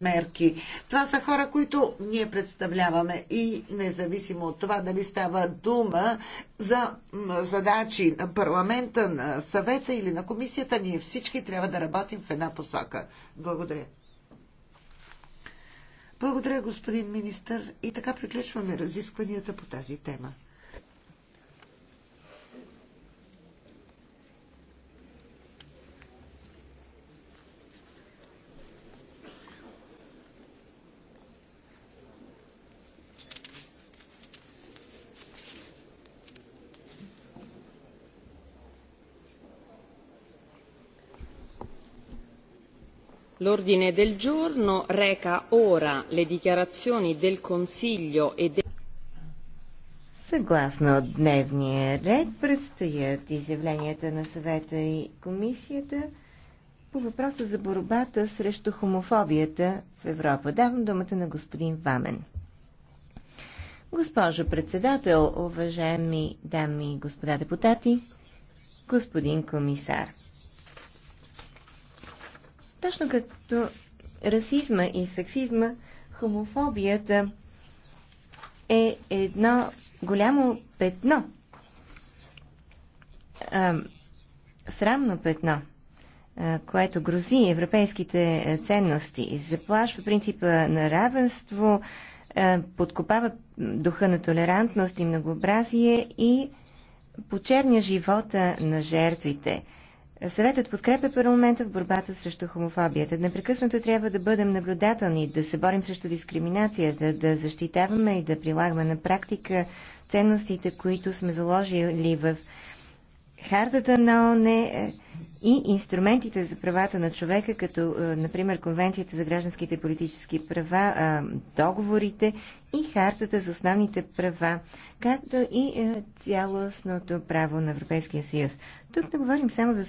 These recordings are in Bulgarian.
мерки. Това са хора, които ние представляваме и независимо от това дали става дума за задачи на парламента, на съвета или на комисията, ние всички трябва да работим в една посока. Благодаря. Благодаря, господин министр. И така приключваме разискванията по тази тема. L'ordine del giorno reca ora le dichiarazioni del Consiglio e del Съгласно дневния ред предстоят изявленията на съвета и комисията по въпроса за борбата срещу хомофобията в Европа. Давам думата на господин Вамен. Госпожо председател, уважаеми дами и господа депутати, господин комисар. Точно като расизма и сексизма, хомофобията е едно голямо петно. срамно петно, което грози европейските ценности, заплашва принципа на равенство, подкопава духа на толерантност и многообразие и почерня живота на жертвите. Съветът подкрепя парламента в борбата срещу хомофобията. Непрекъснато трябва да бъдем наблюдателни, да се борим срещу дискриминацията, да защитаваме и да прилагаме на практика ценностите, които сме заложили в хартата на ОНЕ и инструментите за правата на човека, като, е, например, Конвенцията за гражданските и политически права, е, договорите и хартата за основните права, както и е, цялостното право на Европейския съюз. Тук не говорим само за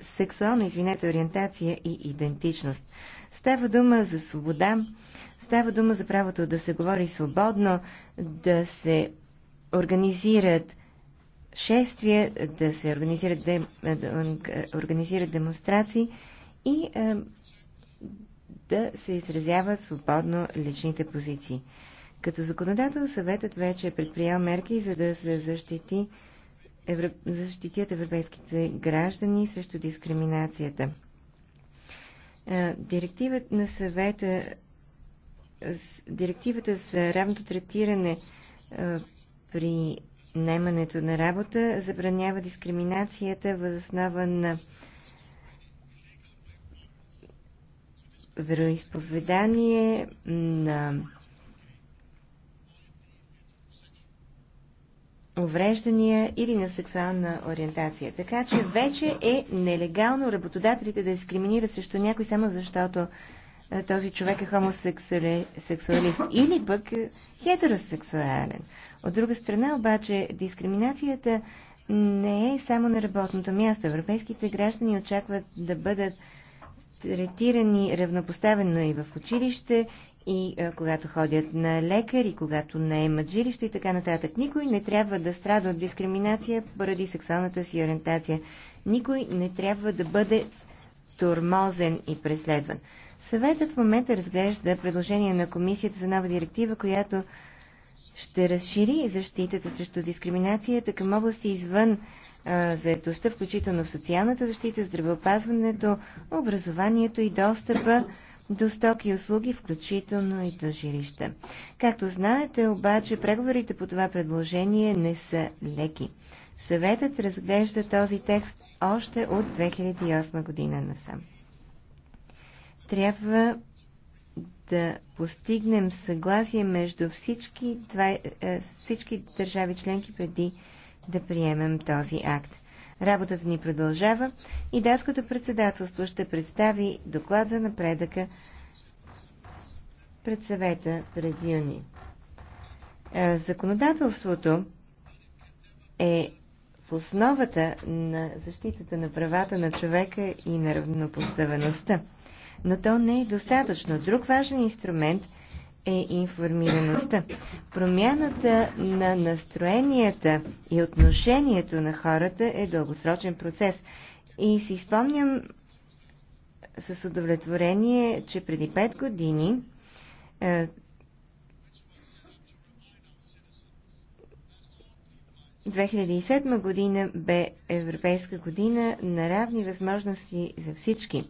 сексуална, извинете, ориентация и идентичност. Става дума за свобода, става дума за правото да се говори свободно, да се организират шествия, да се организират, де, е, да е, организират демонстрации и е, да се изразяват свободно личните позиции. Като законодател съветът вече е предприял мерки, за да се защити, евро... защитят европейските граждани срещу дискриминацията. Е, директивът на съвета Директивата за равното третиране при наемането на работа, забранява дискриминацията въз основа на вероисповедание, на увреждания или на сексуална ориентация. Така че вече е нелегално работодателите да дискриминират срещу някой само защото е, този човек е хомосексуалист или пък е хетеросексуален. От друга страна обаче дискриминацията не е само на работното място. Европейските граждани очакват да бъдат третирани равнопоставено и в училище, и а, когато ходят на лекар, и когато не имат жилище и така нататък. Никой не трябва да страда от дискриминация поради сексуалната си ориентация. Никой не трябва да бъде тормозен и преследван. Съветът в момента разглежда предложение на комисията за нова директива, която ще разшири защитата срещу дискриминацията към области извън заедостта, включително в социалната защита, здравеопазването, образованието и достъпа до стоки и услуги, включително и до жилища. Както знаете, обаче, преговорите по това предложение не са леки. Съветът разглежда този текст още от 2008 година насам. Трябва да постигнем съгласие между всички, е, всички държави членки преди да приемем този акт. Работата ни продължава и датското председателство ще представи доклад за напредъка пред съвета пред юни. Е, законодателството е в основата на защитата на правата на човека и на равнопоставеността но то не е достатъчно. Друг важен инструмент е информираността. Промяната на настроенията и отношението на хората е дългосрочен процес. И си спомням с удовлетворение, че преди 5 години е, ...2007 година бе Европейска година на равни възможности за всички.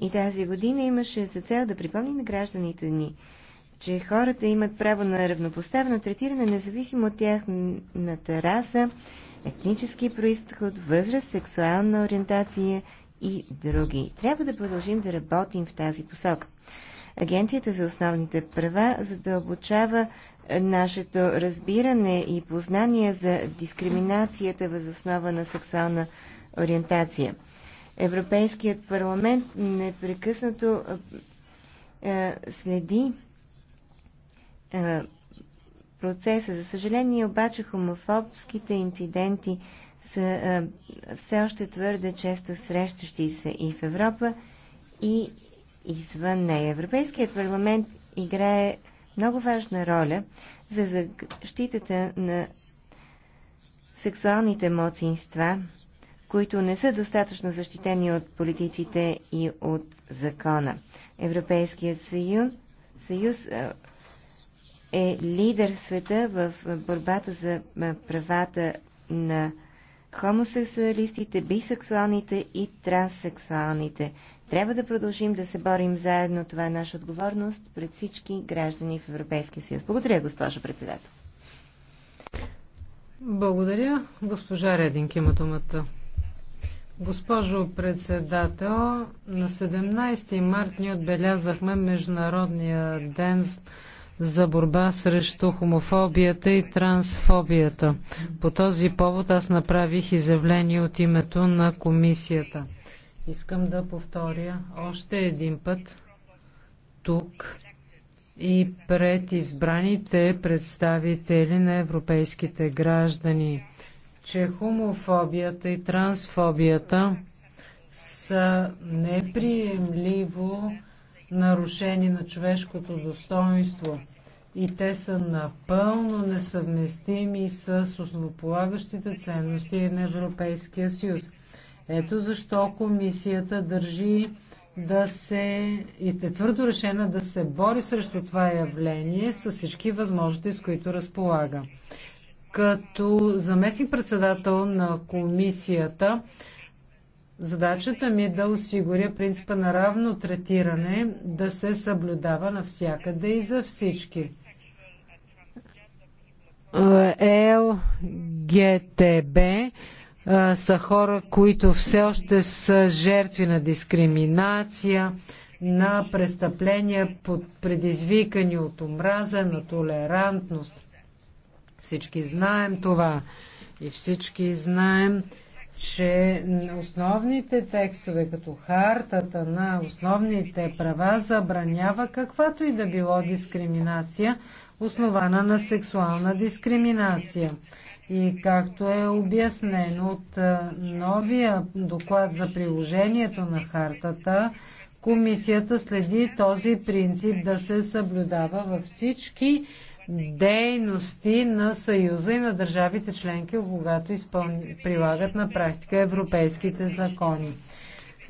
И тази година имаше за цел да припомни на гражданите ни, че хората имат право на равнопоставено третиране, независимо от тяхната раса, етнически происход, възраст, сексуална ориентация и други. Трябва да продължим да работим в тази посока. Агенцията за основните права задълбочава нашето разбиране и познание за дискриминацията възоснова на сексуална ориентация. Европейският парламент непрекъснато следи процеса. За съжаление обаче хомофобските инциденти са все още твърде често срещащи се и в Европа, и извън нея. Европейският парламент играе много важна роля за защитата на сексуалните младсинства които не са достатъчно защитени от политиците и от закона. Европейският съюз, съюз е лидер в света в борбата за правата на хомосексуалистите, бисексуалните и транссексуалните. Трябва да продължим да се борим заедно. Това е наша отговорност пред всички граждани в Европейския съюз. Благодаря, госпожо председател. Благодаря. Госпожа Рединки има думата. Госпожо председател, на 17 март ни отбелязахме Международния ден за борба срещу хомофобията и трансфобията. По този повод аз направих изявление от името на комисията. Искам да повторя още един път тук и пред избраните представители на европейските граждани – че хомофобията и трансфобията са неприемливо нарушение на човешкото достоинство и те са напълно несъвместими с основополагащите ценности на Европейския съюз. Ето защо комисията държи да се и е твърдо решена да се бори срещу това явление с всички възможности, с които разполага. Като заместник председател на комисията, задачата ми е да осигуря принципа на равно третиране да се съблюдава навсякъде и за всички. Е, ЛГТБ са хора, които все още са жертви на дискриминация, на престъпления, предизвикани от омраза, на толерантност. Всички знаем това. И всички знаем, че основните текстове, като хартата на основните права, забранява каквато и да било дискриминация, основана на сексуална дискриминация. И както е обяснено от новия доклад за приложението на хартата, комисията следи този принцип да се съблюдава във всички дейности на Съюза и на държавите членки, когато изпълни, прилагат на практика европейските закони.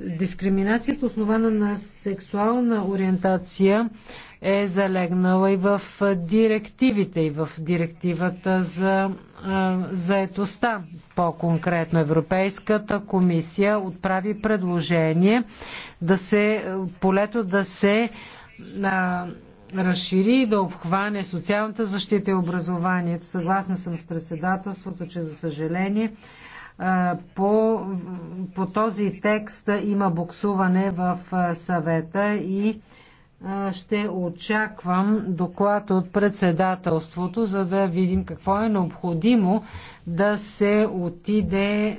Дискриминацията, основана на сексуална ориентация, е залегнала и в директивите, и в директивата за заетостта. По-конкретно Европейската комисия отправи предложение да се, полето да се а, разшири и да обхване социалната защита и образованието. Съгласна съм с председателството, че за съжаление по, по този текст има буксуване в съвета и ще очаквам доклад от председателството, за да видим какво е необходимо да се отиде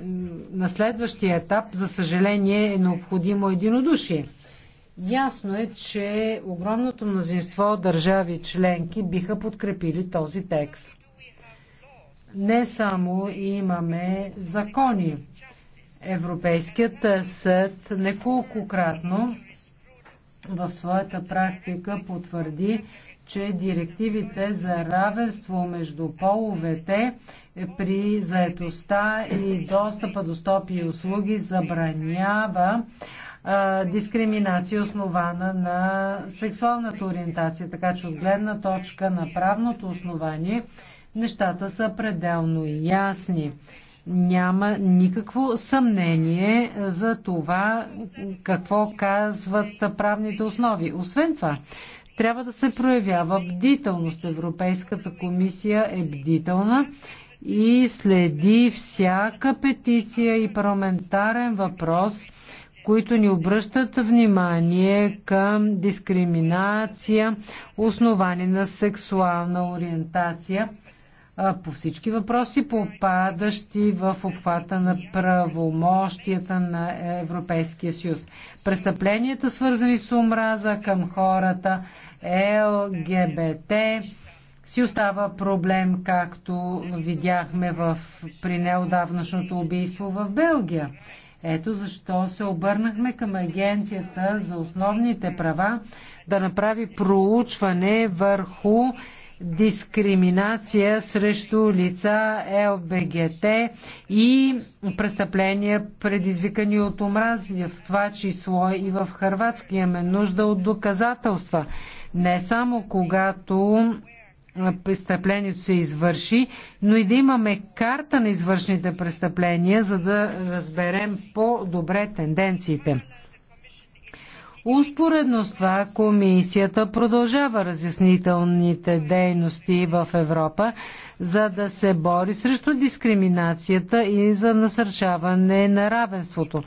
на следващия етап. За съжаление е необходимо единодушие. Ясно е, че огромното мнозинство държави членки биха подкрепили този текст. Не само имаме закони. Европейският съд неколкократно в своята практика потвърди, че директивите за равенство между половете при заетостта и достъпа до стопи и услуги забранява дискриминация, основана на сексуалната ориентация. Така че от гледна точка на правното основание нещата са пределно ясни. Няма никакво съмнение за това какво казват правните основи. Освен това, трябва да се проявява бдителност. Европейската комисия е бдителна и следи всяка петиция и парламентарен въпрос, които ни обръщат внимание към дискриминация, основани на сексуална ориентация по всички въпроси, попадащи в обхвата на правомощията на Европейския съюз. Престъпленията, свързани с омраза към хората, ЛГБТ, си остава проблем, както видяхме в, при неодавнашното убийство в Белгия. Ето защо се обърнахме към Агенцията за основните права да направи проучване върху дискриминация срещу лица ЛБГТ и престъпления, предизвикани от омрази, в това число и в Харватски. Имаме нужда от доказателства. Не само когато престъплението се извърши, но и да имаме карта на извършните престъпления, за да разберем по-добре тенденциите. Успоредно с това комисията продължава разяснителните дейности в Европа, за да се бори срещу дискриминацията и за насърчаване на равенството.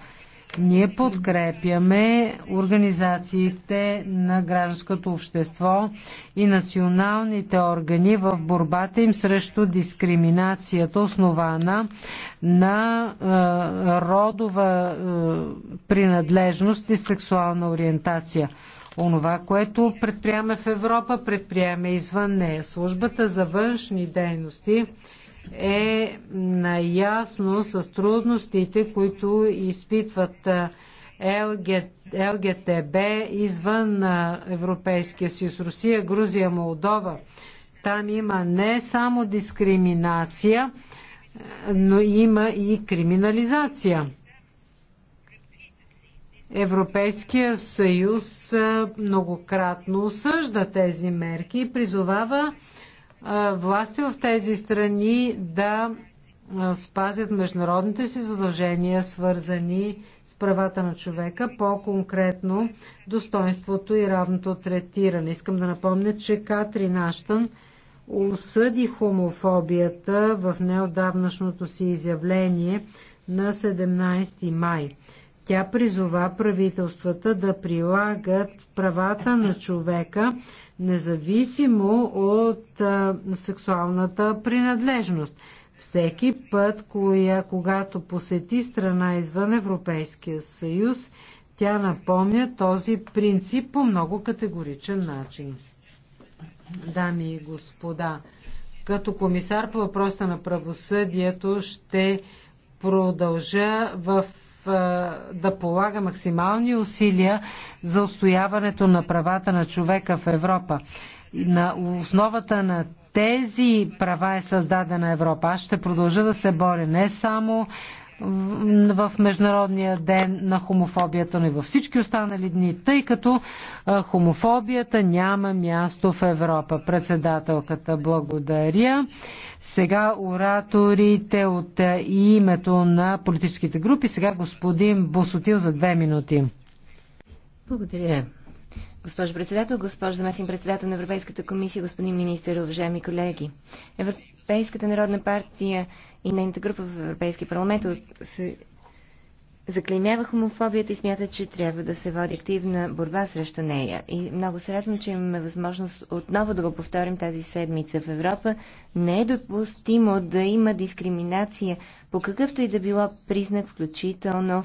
Ние подкрепяме организациите на гражданското общество и националните органи в борбата им срещу дискриминацията, основана на е, родова е, принадлежност и сексуална ориентация. Онова, което предприемаме в Европа, предприемаме извън нея. Службата за външни дейности е наясно с трудностите, които изпитват ЛГТБ извън Европейския съюз, Русия, Грузия, Молдова. Там има не само дискриминация, но има и криминализация. Европейския съюз многократно осъжда тези мерки и призовава власти в тези страни да спазят международните си задължения, свързани с правата на човека, по-конкретно достоинството и равното третиране. Искам да напомня, че Катри Наштън осъди хомофобията в неодавнашното си изявление на 17 май. Тя призова правителствата да прилагат правата на човека независимо от а, сексуалната принадлежност. Всеки път, коя, когато посети страна извън Европейския съюз, тя напомня този принцип по много категоричен начин. Дами и господа, като комисар по въпроса на правосъдието ще продължа в е, да полага максимални усилия за устояването на правата на човека в Европа. На основата на тези права е създадена Европа. Аз ще продължа да се боря не само в Международния ден на хомофобията, но и във всички останали дни, тъй като хомофобията няма място в Европа. Председателката благодаря. Сега ораторите от името на политическите групи. Сега господин Босотил за две минути. Благодаря. Госпожо председател, госпожо заместник председател на Европейската комисия, господин министър, уважаеми колеги. Европейската народна партия и нейната група в Европейския парламент се заклеймява хомофобията и смята, че трябва да се води активна борба срещу нея. И много се радвам, че имаме възможност отново да го повторим тази седмица в Европа. Не е допустимо да има дискриминация по какъвто и да било признак, включително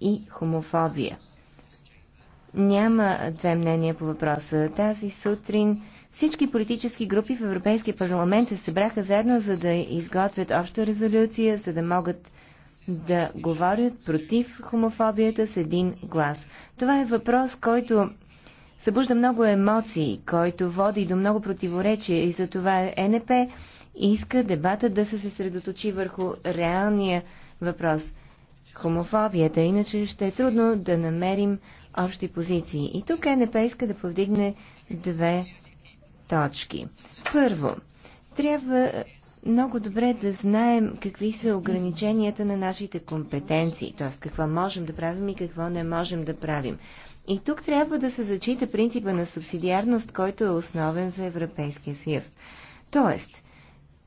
и хомофобия. Няма две мнения по въпроса. Тази сутрин всички политически групи в Европейския парламент се събраха заедно, за да изготвят обща резолюция, за да могат да говорят против хомофобията с един глас. Това е въпрос, който събужда много емоции, който води до много противоречия и за това е НП иска дебата да се съсредоточи върху реалния въпрос – хомофобията. Иначе ще е трудно да намерим общи позиции. И тук НП иска да повдигне две точки. Първо, трябва много добре да знаем какви са ограниченията на нашите компетенции, т.е. какво можем да правим и какво не можем да правим. И тук трябва да се зачита принципа на субсидиарност, който е основен за Европейския съюз. Тоест,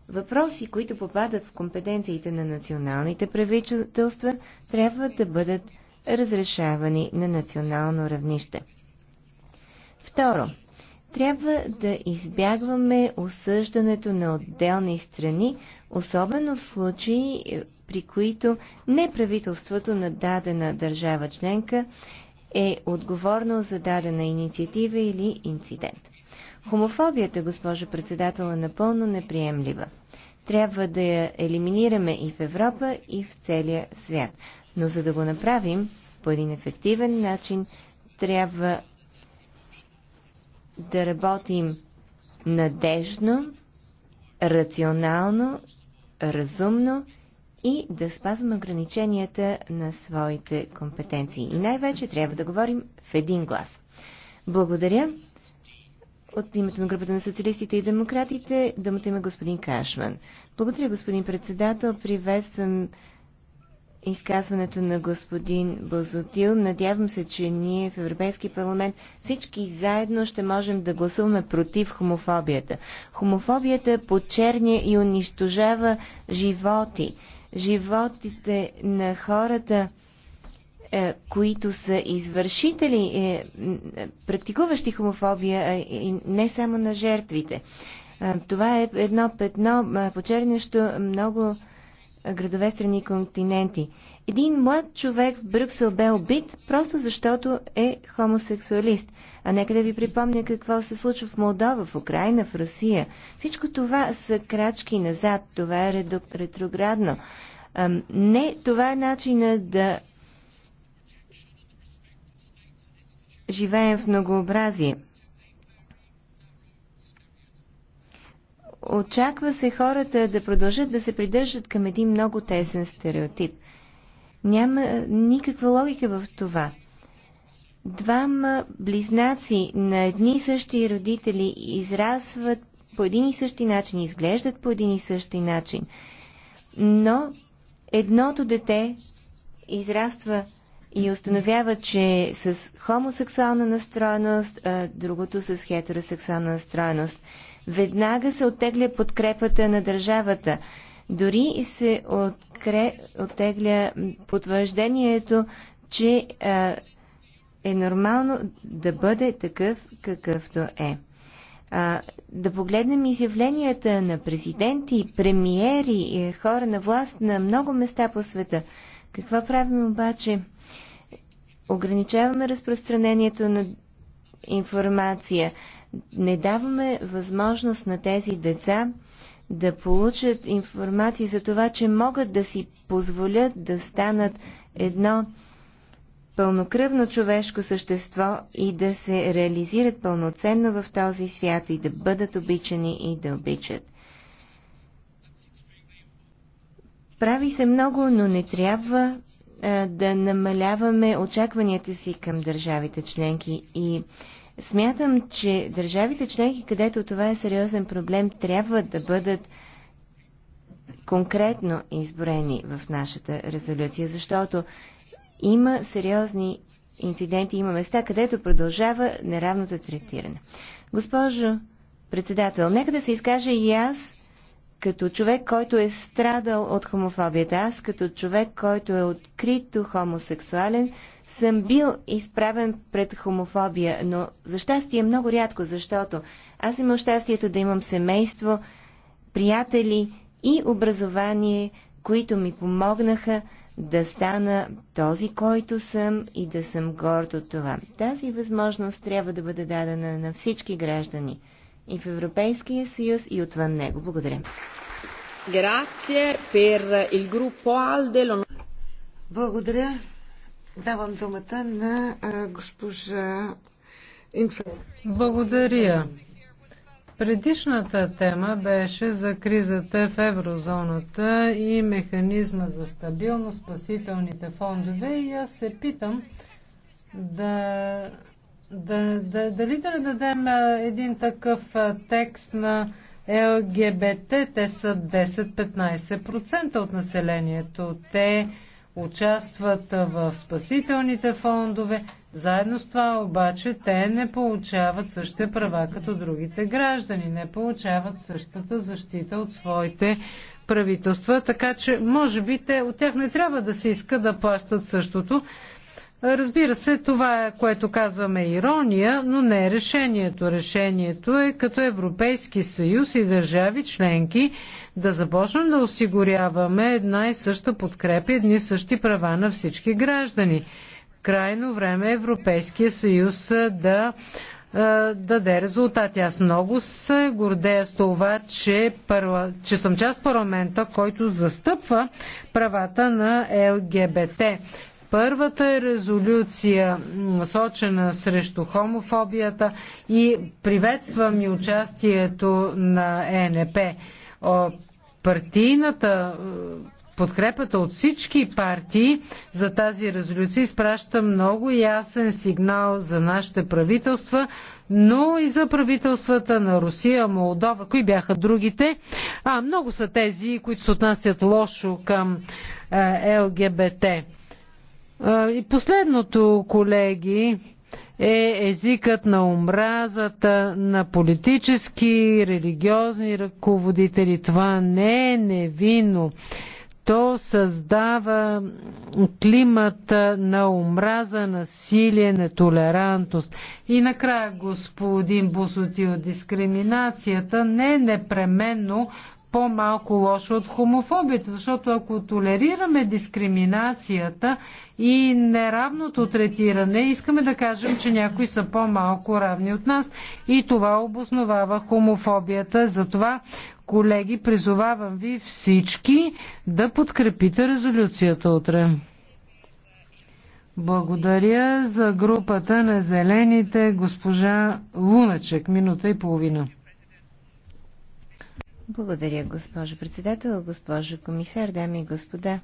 въпроси, които попадат в компетенциите на националните правителства, трябва да бъдат разрешавани на национално равнище. Второ, трябва да избягваме осъждането на отделни страни, особено в случаи, при които неправителството на дадена държава членка е отговорно за дадена инициатива или инцидент. Хомофобията, госпожо председател, е напълно неприемлива. Трябва да я елиминираме и в Европа, и в целия свят. Но за да го направим по един ефективен начин, трябва да работим надежно, рационално, разумно и да спазваме ограниченията на своите компетенции. И най-вече трябва да говорим в един глас. Благодаря. От името на групата на социалистите и демократите, думата има господин Кашман. Благодаря, господин председател. Приветствам изказването на господин Бозотил. Надявам се, че ние в Европейски парламент всички заедно ще можем да гласуваме против хомофобията. Хомофобията почерня и унищожава животи. Животите на хората, е, които са извършители, е, практикуващи хомофобия, и не само на жертвите. Е, това е едно петно, почернящо много градове, страни, континенти. Един млад човек в Брюксел бе убит, просто защото е хомосексуалист. А нека да ви припомня какво се случва в Молдова, в Украина, в Русия. Всичко това са крачки назад, това е ретроградно. Ам, не, това е начина да живеем в многообразие. Очаква се хората да продължат да се придържат към един много тесен стереотип. Няма никаква логика в това. Двама близнаци на едни и същи родители израсват по един и същи начин, изглеждат по един и същи начин. Но едното дете израства и установява, че с хомосексуална настроеност, а другото с хетеросексуална настроеност. Веднага се оттегля подкрепата на държавата. Дори се откре... оттегля потвърждението, че а, е нормално да бъде такъв какъвто е. А, да погледнем изявленията на президенти, премиери, хора на власт на много места по света. Какво правим обаче? Ограничаваме разпространението на информация не даваме възможност на тези деца да получат информация за това, че могат да си позволят да станат едно пълнокръвно човешко същество и да се реализират пълноценно в този свят и да бъдат обичани и да обичат. Прави се много, но не трябва а, да намаляваме очакванията си към държавите членки и Смятам, че държавите членки, където това е сериозен проблем, трябва да бъдат конкретно изброени в нашата резолюция, защото има сериозни инциденти, има места, където продължава неравното третиране. Госпожо председател, нека да се изкаже и аз като човек, който е страдал от хомофобията, аз като човек, който е открито хомосексуален, съм бил изправен пред хомофобия, но за щастие много рядко, защото аз имам щастието да имам семейство, приятели и образование, които ми помогнаха да стана този, който съм и да съм горд от това. Тази възможност трябва да бъде дадена на всички граждани – и в Европейския съюз и отвън него. Благодаря. Благодаря. Давам думата на госпожа Инфер. Благодаря. Предишната тема беше за кризата в еврозоната и механизма за стабилност, спасителните фондове и аз се питам да да, да, дали да дадем един такъв текст на ЛГБТ? Те са 10-15% от населението. Те участват в спасителните фондове. Заедно с това обаче те не получават същите права като другите граждани, не получават същата защита от своите правителства, така че може би те, от тях не трябва да се иска да плащат същото, Разбира се, това е, което казваме ирония, но не е решението. Решението е като Европейски съюз и държави членки да започнем да осигуряваме една и съща подкрепа, едни и същи права на всички граждани. Крайно време е Европейския съюз да да даде резултати. Аз много се гордея с това, че, парла... че съм част парламента, който застъпва правата на ЛГБТ. Първата е резолюция, насочена срещу хомофобията и приветствам и участието на ЕНП. Партийната подкрепата от всички партии за тази резолюция изпраща много ясен сигнал за нашите правителства, но и за правителствата на Русия, Молдова, кои бяха другите. А, много са тези, които се отнасят лошо към е, ЛГБТ. И последното, колеги, е езикът на омразата, на политически, религиозни ръководители. Това не е невинно. То създава климата на омраза, насилие, нетолерантност. И накрая, господин от дискриминацията не е непременно по-малко лошо от хомофобията, защото ако толерираме дискриминацията и неравното третиране, искаме да кажем, че някои са по-малко равни от нас и това обосновава хомофобията. Затова, колеги, призовавам ви всички да подкрепите резолюцията утре. Благодаря за групата на зелените госпожа Луначек. Минута и половина. Благодаря, госпожо председател, госпожо комисар, дами и господа.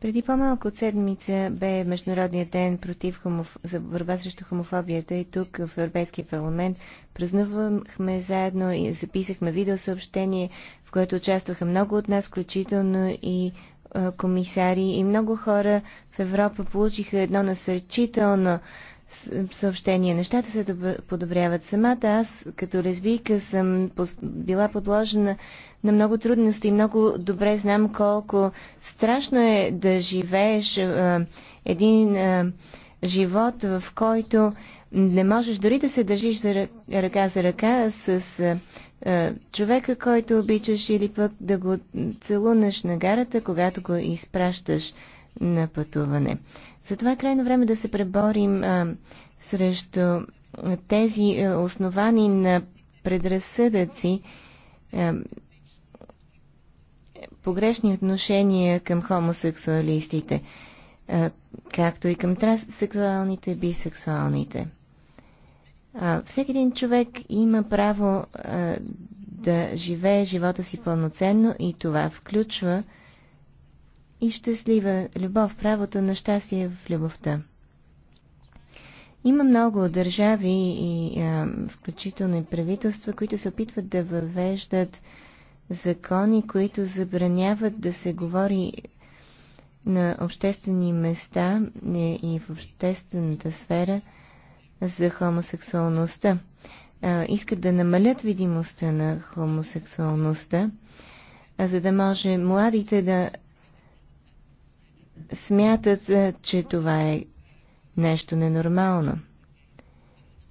Преди по-малко от седмица бе Международният ден против хомоф... за борба срещу хомофобията и тук в Европейския парламент празнувахме заедно и записахме видеосъобщение, в което участваха много от нас, включително и комисари и много хора в Европа получиха едно насърчително съобщение. Нещата се подобряват самата. Аз като лесбийка съм била подложена на много трудности и много добре знам колко страшно е да живееш а, един а, живот, в който не можеш дори да се държиш за ръка за ръка с а, а, човека, който обичаш или пък да го целунеш на гарата, когато го изпращаш на пътуване. Затова е крайно време да се преборим а, срещу тези а, основани на предразсъдъци, а, погрешни отношения към хомосексуалистите, а, както и към транссексуалните, бисексуалните. А, всеки един човек има право а, да живее живота си пълноценно и това включва и щастлива любов, правото на щастие в любовта. Има много държави и а, включително и правителства, които се опитват да въвеждат закони, които забраняват да се говори на обществени места е, и в обществената сфера за хомосексуалността. А, искат да намалят видимостта на хомосексуалността, а за да може младите да смятат, е, че това е нещо ненормално.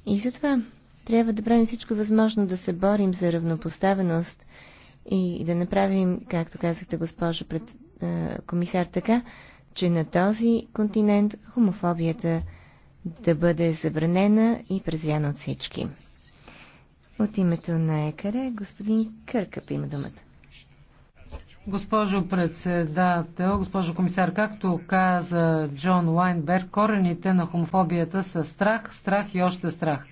И затова трябва да правим всичко възможно да се борим за равнопоставеност и да направим, както казахте, госпожо пред, е, комисар, така, че на този континент хомофобията да бъде забранена и презряна от всички. От името на ЕКАРЕ господин Къркъп има думата. Госпожо председател, госпожо комисар, както каза Джон Лайнберг, корените на хомофобията са страх, страх и още страх.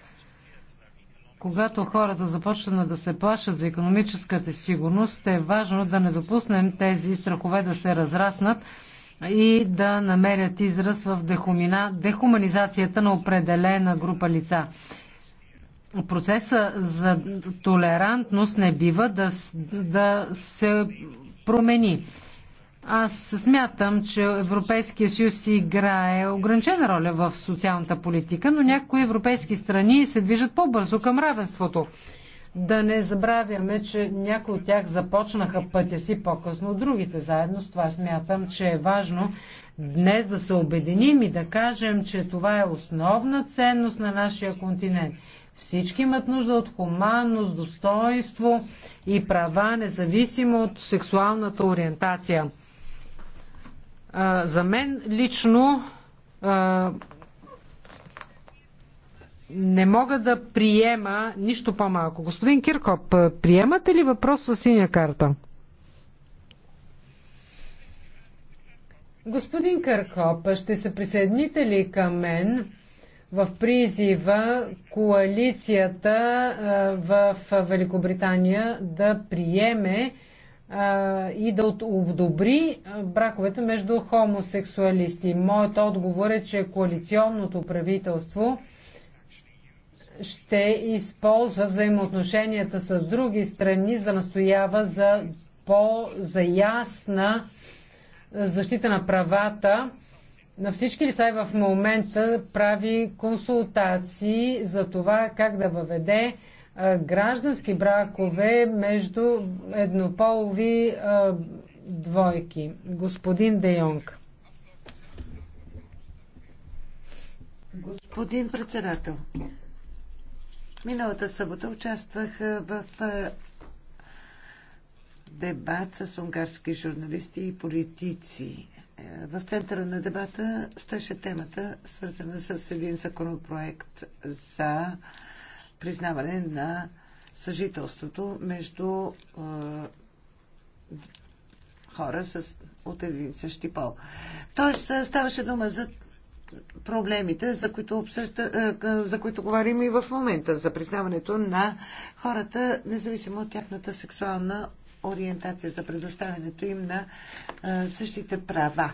Когато хората започнат да се плашат за економическата сигурност, е важно да не допуснем тези страхове да се разраснат и да намерят израз в дехумина, дехуманизацията на определена група лица. Процеса за толерантност не бива да, да се промени. Аз смятам, че Европейския съюз играе ограничена роля в социалната политика, но някои европейски страни се движат по-бързо към равенството. Да не забравяме, че някои от тях започнаха пътя си по-късно от другите. Заедно с това смятам, че е важно днес да се обединим и да кажем, че това е основна ценност на нашия континент. Всички имат нужда от хуманност, достоинство и права, независимо от сексуалната ориентация. За мен лично не мога да приема нищо по-малко. Господин Киркоп, приемате ли въпрос с синя карта? Господин Къркоп, ще се присъедините ли към мен? в призива коалицията в Великобритания да приеме и да одобри браковете между хомосексуалисти. Моят отговор е, че коалиционното правителство ще използва взаимоотношенията с други страни, за да настоява за по-заясна защита на правата на всички лица в момента прави консултации за това как да въведе граждански бракове между еднополови двойки. Господин Де Йонг. Господин председател, миналата събота участвах в дебат с унгарски журналисти и политици в центъра на дебата стоеше темата, свързана с един законопроект за признаване на съжителството между е, хора с, от един същи пол. Тоест, ставаше дума за проблемите, за които, обсъжда, е, за които говорим и в момента, за признаването на хората, независимо от тяхната сексуална ориентация за предоставянето им на същите права.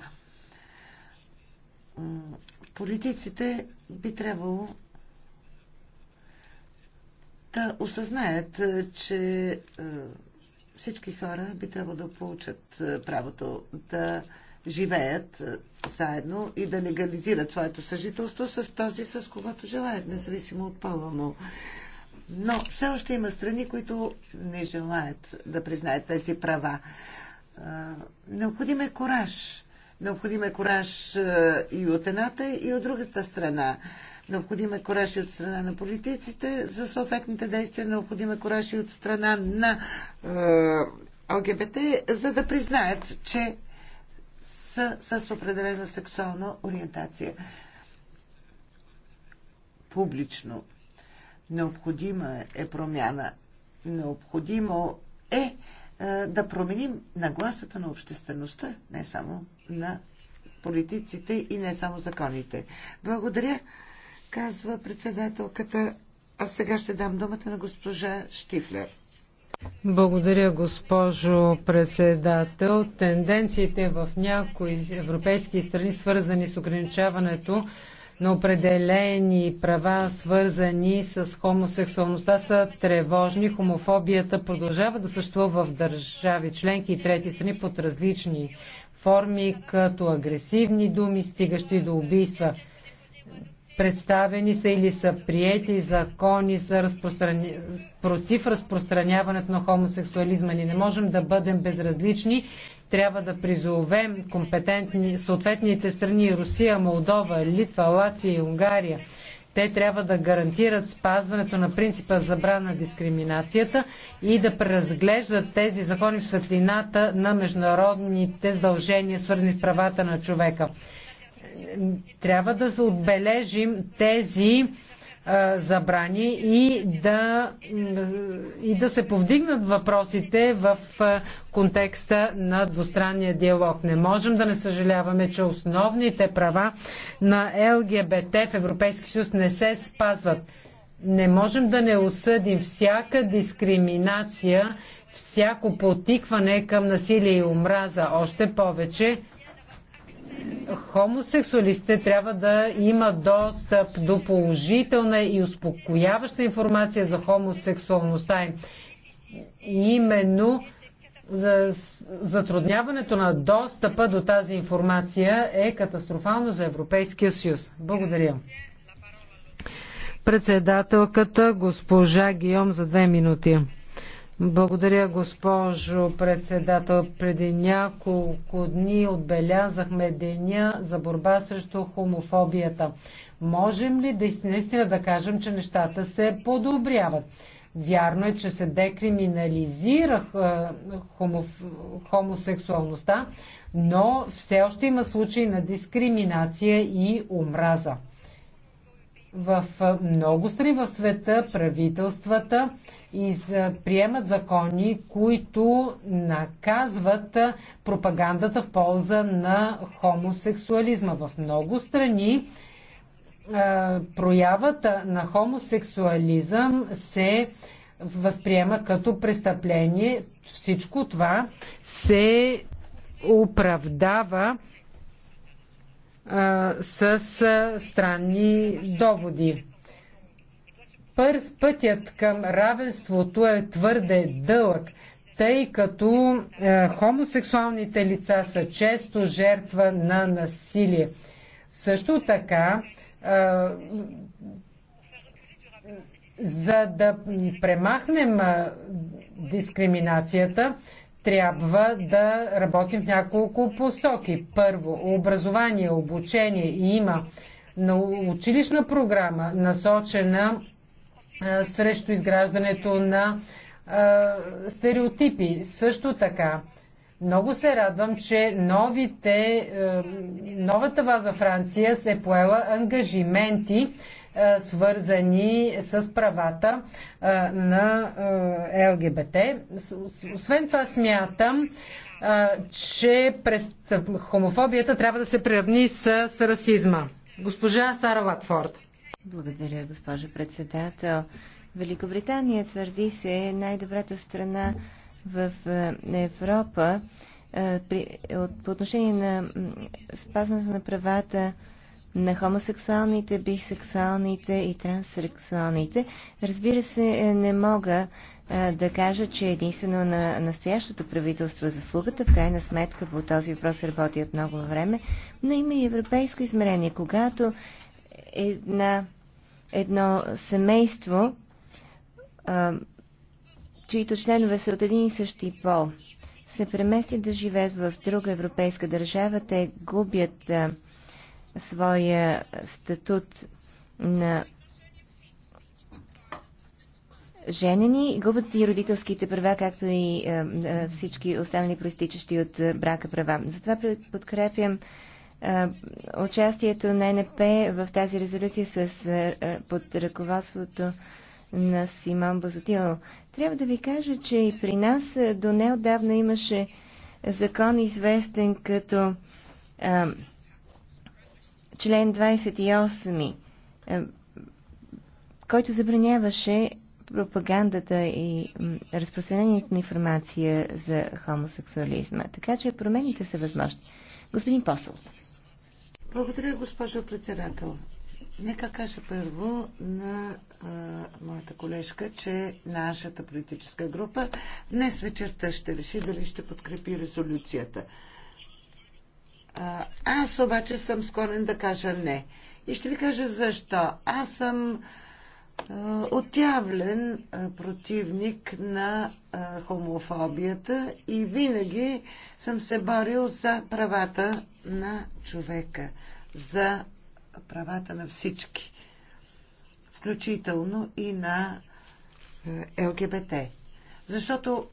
Политиците би трябвало да осъзнаят, че всички хора би трябвало да получат правото да живеят заедно и да легализират своето съжителство с този, с когото желаят, независимо от пола му. Но но все още има страни, които не желаят да признаят тези права. Необходим е кораж. Необходим е кораж и от едната, и от другата страна. Необходим е кораж и от страна на политиците за съответните действия. Необходим е кораж и от страна на ЛГБТ, за да признаят, че са с определена сексуална ориентация. Публично Необходима е промяна. Необходимо е, е да променим нагласата на обществеността, не само на политиците и не само законите. Благодаря, казва председателката. А сега ще дам думата на госпожа Штифлер. Благодаря, госпожо председател. Тенденциите в някои европейски страни, свързани с ограничаването на определени права, свързани с хомосексуалността, са тревожни. Хомофобията продължава да съществува в държави членки и трети страни под различни форми, като агресивни думи, стигащи до убийства. Представени са или са приети закони за разпространя... против разпространяването на хомосексуализма. Ни не можем да бъдем безразлични трябва да призовем компетентни съответните страни Русия, Молдова, Литва, Латвия и Унгария. Те трябва да гарантират спазването на принципа забрана дискриминацията и да преразглеждат тези закони в светлината на международните задължения, свързани с правата на човека. Трябва да отбележим тези забрани и да, и да се повдигнат въпросите в контекста на двустранния диалог. Не можем да не съжаляваме, че основните права на ЛГБТ в Европейския съюз не се спазват. Не можем да не осъдим всяка дискриминация, всяко потикване към насилие и омраза. Още повече, хомосексуалистите трябва да има достъп до положителна и успокояваща информация за хомосексуалността им. Именно за затрудняването на достъпа до тази информация е катастрофално за Европейския съюз. Благодаря. Председателката госпожа Гиом за две минути. Благодаря, госпожо председател. Преди няколко дни отбелязахме деня за борба срещу хомофобията. Можем ли да, наистина да кажем, че нещата се подобряват? Вярно е, че се декриминализира е, хомоф... хомосексуалността, но все още има случаи на дискриминация и омраза. В е, много страни в света правителствата и за, приемат закони, които наказват пропагандата в полза на хомосексуализма. В много страни проявата на хомосексуализъм се възприема като престъпление. Всичко това се оправдава а, с а, странни доводи. Пърс пътят към равенството е твърде дълъг, тъй като е, хомосексуалните лица са често жертва на насилие. Също така, е, за да премахнем е, дискриминацията, трябва да работим в няколко посоки. Първо, образование, обучение и има на училищна програма, насочена срещу изграждането на стереотипи. Също така, много се радвам, че новите, новата ваза Франция се поела ангажименти, свързани с правата на ЛГБТ. Освен това смятам, че през хомофобията трябва да се приравни с расизма. Госпожа Сара Латфорд. Благодаря, госпожа председател. Великобритания твърди се е най-добрата страна в е, Европа е, по отношение на спазването на правата на хомосексуалните, бисексуалните и транссексуалните. Разбира се, е, не мога да кажа, че единствено на настоящото правителство заслугата. В крайна сметка по този въпрос работи от много време, но има и европейско измерение. Когато една, едно семейство, а, чието членове са от един и същи пол, се преместят да живеят в друга европейска държава, те губят а, своя статут на женени, губят и родителските права, както и а, всички останали проистичащи от брака права. Затова подкрепям Участието на НП в тази резолюция с, под ръководството на Симон Базотило. Трябва да ви кажа, че и при нас до неодавна имаше закон, известен като а, член 28, а, който забраняваше пропагандата и разпространението на информация за хомосексуализма. Така че промените са възможни. Господин Пасъл. Благодаря, госпожо председател. Нека кажа първо на а, моята колежка, че нашата политическа група днес вечерта ще реши дали ще подкрепи резолюцията. А, аз обаче съм склонен да кажа не. И ще ви кажа защо. Аз съм отявлен противник на хомофобията и винаги съм се борил за правата на човека, за правата на всички, включително и на е, ЛГБТ. Защото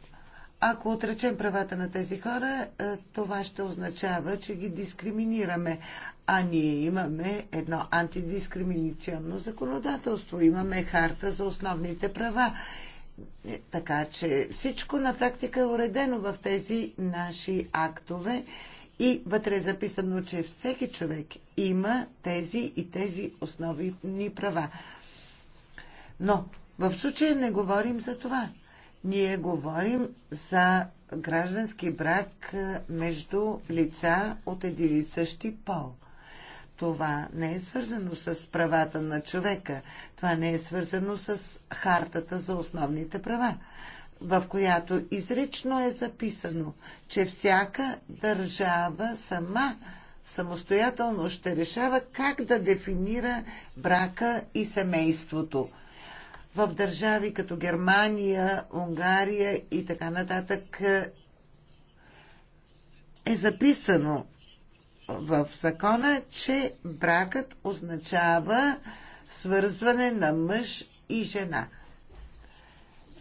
ако отречем правата на тези хора, е, това ще означава, че ги дискриминираме. А ние имаме едно антидискриминационно законодателство, имаме харта за основните права. Е, така че всичко на практика е уредено в тези наши актове и вътре е записано, че всеки човек има тези и тези основни права. Но в случая не говорим за това. Ние говорим за граждански брак е, между лица от един и същи пол. Това не е свързано с правата на човека. Това не е свързано с хартата за основните права, в която изрично е записано, че всяка държава сама самостоятелно ще решава как да дефинира брака и семейството – в държави като Германия, Унгария и така нататък е записано в закона, че бракът означава свързване на мъж и жена.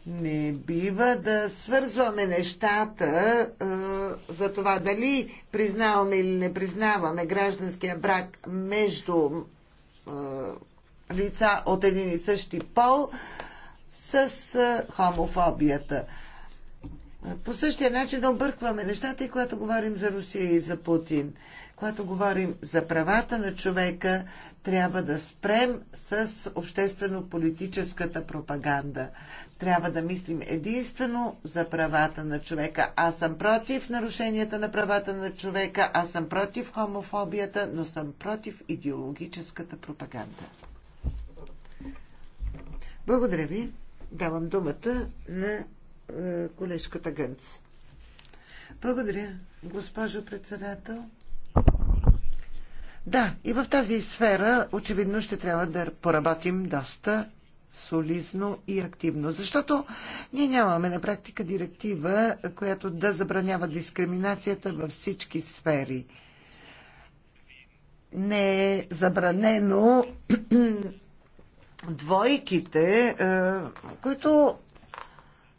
Не бива да свързваме нещата е, за това дали признаваме или не признаваме гражданския брак между е, лица от един и същи пол с хомофобията. По същия начин да объркваме нещата и когато говорим за Русия и за Путин. Когато говорим за правата на човека, трябва да спрем с обществено-политическата пропаганда. Трябва да мислим единствено за правата на човека. Аз съм против нарушенията на правата на човека, аз съм против хомофобията, но съм против идеологическата пропаганда. Благодаря ви. Давам думата на е, колежката Гънц. Благодаря, госпожо председател. Да, и в тази сфера очевидно ще трябва да поработим доста солизно и активно, защото ние нямаме на практика директива, която да забранява дискриминацията във всички сфери. Не е забранено двойките, е, които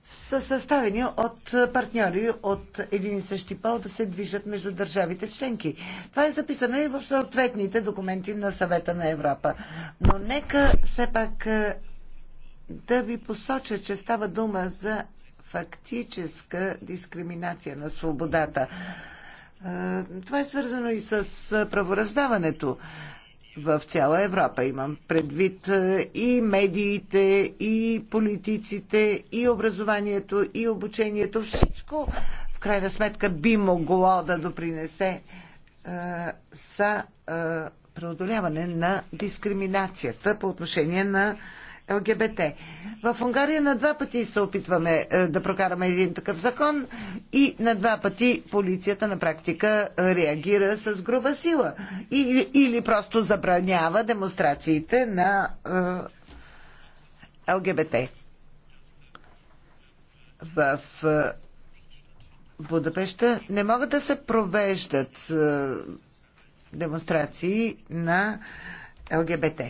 са съставени от партньори от един и същи пол да се движат между държавите членки. Това е записано и в съответните документи на съвета на Европа. Но нека все пак е, да ви посоча, че става дума за фактическа дискриминация на свободата. Е, това е свързано и с правораздаването в цяла Европа. Имам предвид е, и медиите, и политиците, и образованието, и обучението. Всичко в крайна сметка би могло да допринесе е, за е, преодоляване на дискриминацията по отношение на ЛГБТ. В Унгария на два пъти се опитваме е, да прокараме един такъв закон и на два пъти полицията на практика реагира с груба сила или, или просто забранява демонстрациите на е, ЛГБТ. В е, Будапеща не могат да се провеждат демонстрации на ЛГБТ.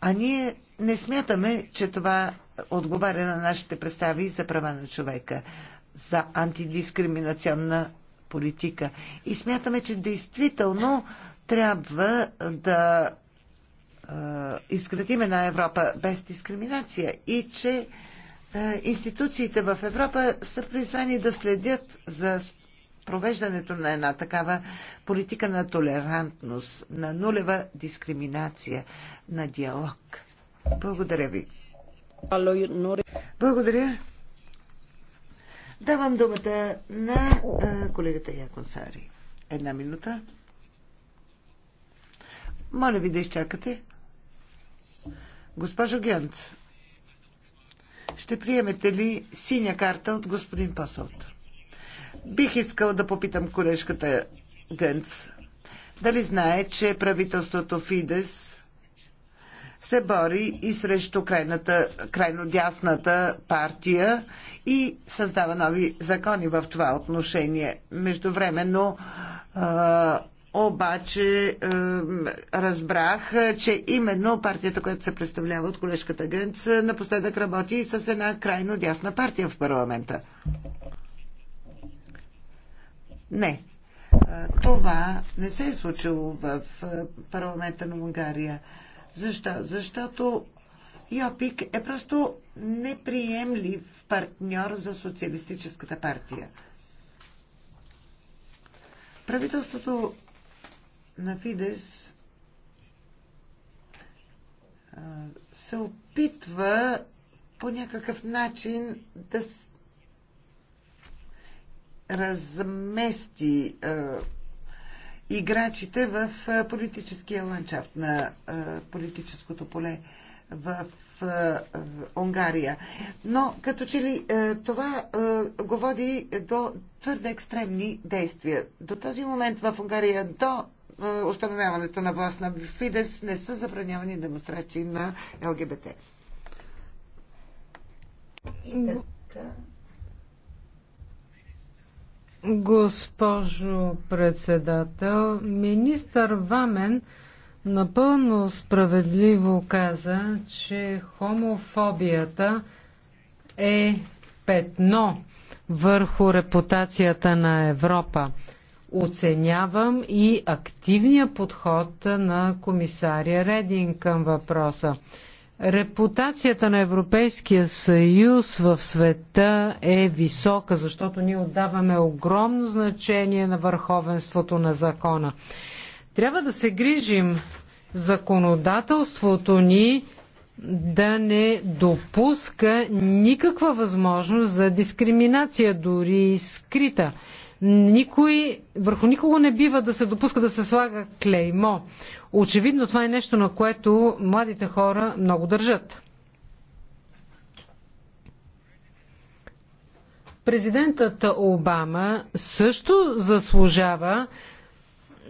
А ние не смятаме, че това отговаря на нашите представи за права на човека, за антидискриминационна политика. И смятаме, че действително трябва да е, изградим една Европа без дискриминация и че е, институциите в Европа са призвани да следят за провеждането на една такава политика на толерантност, на нулева дискриминация, на диалог. Благодаря ви. Благодаря. Давам думата на колегата Яконсари. Една минута. Моля ви да изчакате. Госпожо Гент, ще приемете ли синя карта от господин Пасълт? Бих искал да попитам колежката Гънц. Дали знае, че правителството Фидес се бори и срещу крайната, крайно дясната партия и създава нови закони в това отношение. Междувременно времено обаче разбрах, че именно партията, която се представлява от колежката Гънц, напоследък работи и с една крайно дясна партия в парламента. Не. Това не се е случило в парламента на Унгария. Защо? Защото Йопик е просто неприемлив партньор за Социалистическата партия. Правителството на Фидес се опитва по някакъв начин да размести играчите в политическия ландшафт на политическото поле в Унгария. Но като че ли това го води до твърде екстремни действия. До този момент в Унгария до установяването на власт на Фидес не са забранявани демонстрации на ЛГБТ. И така Госпожо председател, министър Вамен напълно справедливо каза, че хомофобията е петно върху репутацията на Европа. Оценявам и активния подход на комисаря Редин към въпроса. Репутацията на Европейския съюз в света е висока, защото ние отдаваме огромно значение на върховенството на закона. Трябва да се грижим законодателството ни да не допуска никаква възможност за дискриминация, дори и скрита. Никой, върху никого не бива да се допуска да се слага клеймо. Очевидно това е нещо, на което младите хора много държат. Президентът Обама също заслужава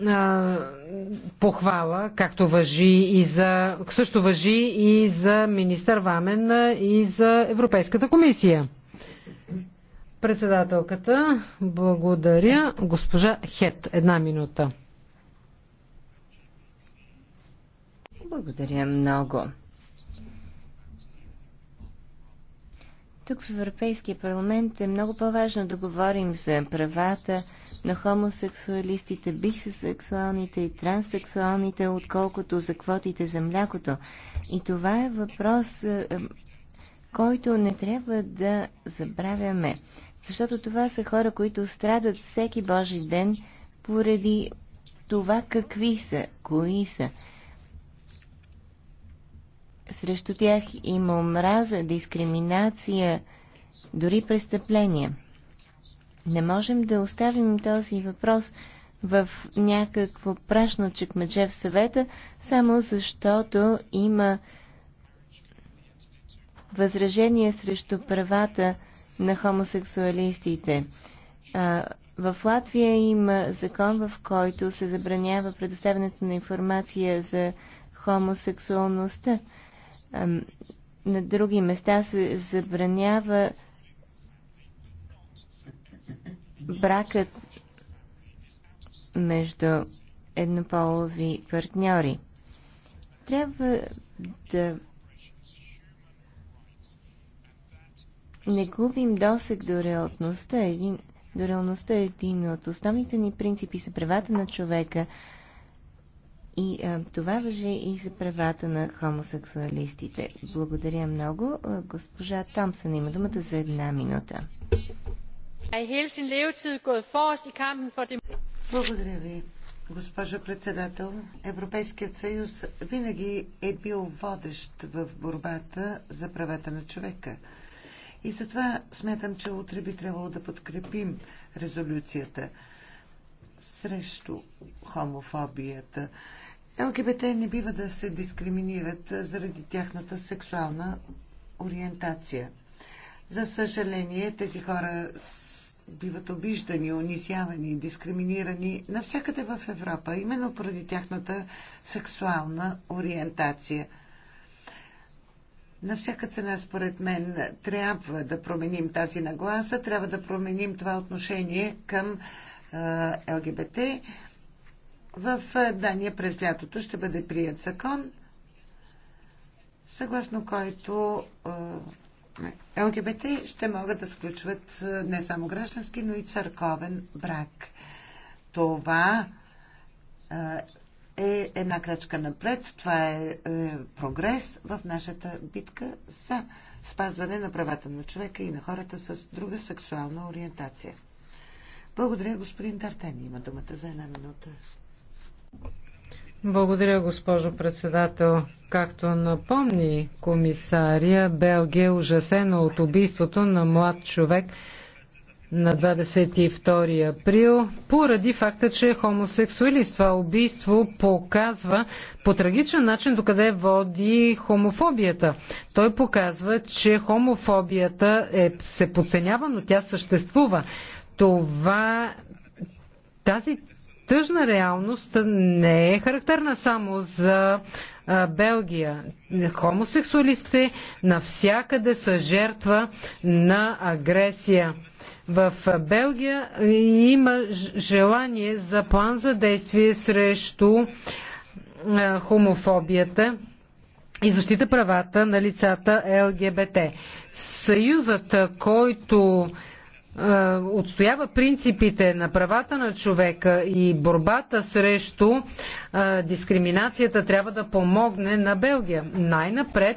а, похвала, както въжи и за, също въжи и за министър Вамен и за Европейската комисия. Председателката, благодаря. Госпожа Хет, една минута. Благодаря много. Тук в Европейския парламент е много по-важно да говорим за правата на хомосексуалистите, бисексуалните и транссексуалните, отколкото за квотите за млякото. И това е въпрос, е, е, който не трябва да забравяме. Защото това са хора, които страдат всеки Божи ден поради това какви са, кои са. Срещу тях има омраза, дискриминация, дори престъпления. Не можем да оставим този въпрос в някакво прашно чекмедже в съвета, само защото има възражение срещу правата на хомосексуалистите. В Латвия има закон, в който се забранява предоставянето на информация за хомосексуалността. На други места се забранява бракът между еднополови партньори. Трябва да не губим досег до реалността. Един, до реалността е един от основните ни принципи са правата на човека. И а, това въжи и за правата на хомосексуалистите. Благодаря много. Госпожа Томсън има думата за една минута. Благодаря ви. Госпожо председател, Европейският съюз винаги е бил водещ в борбата за правата на човека. И затова смятам, че утре би трябвало да подкрепим резолюцията срещу хомофобията. ЛГБТ не бива да се дискриминират заради тяхната сексуална ориентация. За съжаление, тези хора биват обиждани, унизявани, дискриминирани навсякъде в Европа, именно поради тяхната сексуална ориентация – на всяка цена, според мен, трябва да променим тази нагласа, трябва да променим това отношение към ЛГБТ. В Дания през лятото ще бъде прият закон, съгласно който ЛГБТ ще могат да сключват не само граждански, но и църковен брак. Това е една крачка напред. Това е, е, прогрес в нашата битка за спазване на правата на човека и на хората с друга сексуална ориентация. Благодаря, господин Дартен. Има думата за една минута. Благодаря, госпожо председател. Както напомни комисария, Белгия е ужасена от убийството на млад човек – на 22 април, поради факта, че е хомосексуалист. Това убийство показва по трагичен начин докъде води хомофобията. Той показва, че хомофобията е, се подценява, но тя съществува. Това, тази тъжна реалност не е характерна само за Белгия. Хомосексуалистите навсякъде са жертва на агресия. В Белгия има желание за план за действие срещу хомофобията и защита правата на лицата ЛГБТ. Съюзът, който отстоява принципите на правата на човека и борбата срещу дискриминацията трябва да помогне на Белгия. Най-напред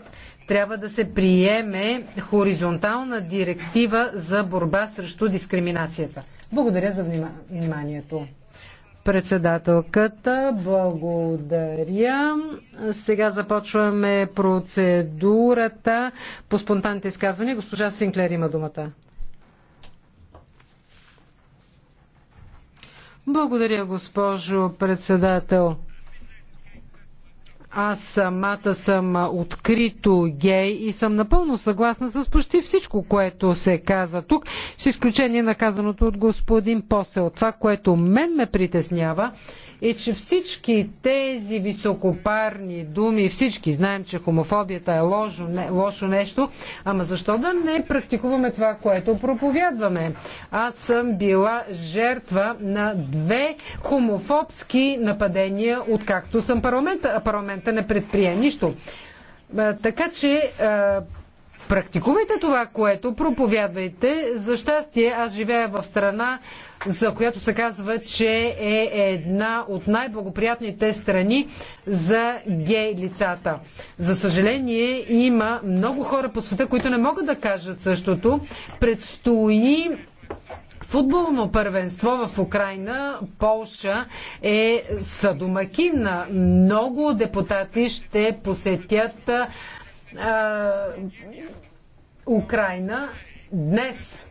трябва да се приеме хоризонтална директива за борба срещу дискриминацията. Благодаря за вниманието. Председателката, благодаря. Сега започваме процедурата по спонтанните изказвания. Госпожа Синклер има думата. Благодаря, госпожо председател. Аз самата съм открито гей и съм напълно съгласна с почти всичко, което се каза тук, с изключение на казаното от господин Посел. Това, което мен ме притеснява, е, че всички тези високопарни думи, всички знаем, че хомофобията е лошо, не, лошо нещо, ама защо да не практикуваме това, което проповядваме? Аз съм била жертва на две хомофобски нападения, откакто съм парламента, а парламента не предприе нищо. Така че Практикувайте това, което проповядвайте. За щастие, аз живея в страна, за която се казва, че е една от най-благоприятните страни за гей лицата. За съжаление, има много хора по света, които не могат да кажат същото. Предстои футболно първенство в Украина, Полша е съдомакина. Много депутати ще посетят а, Украина днес.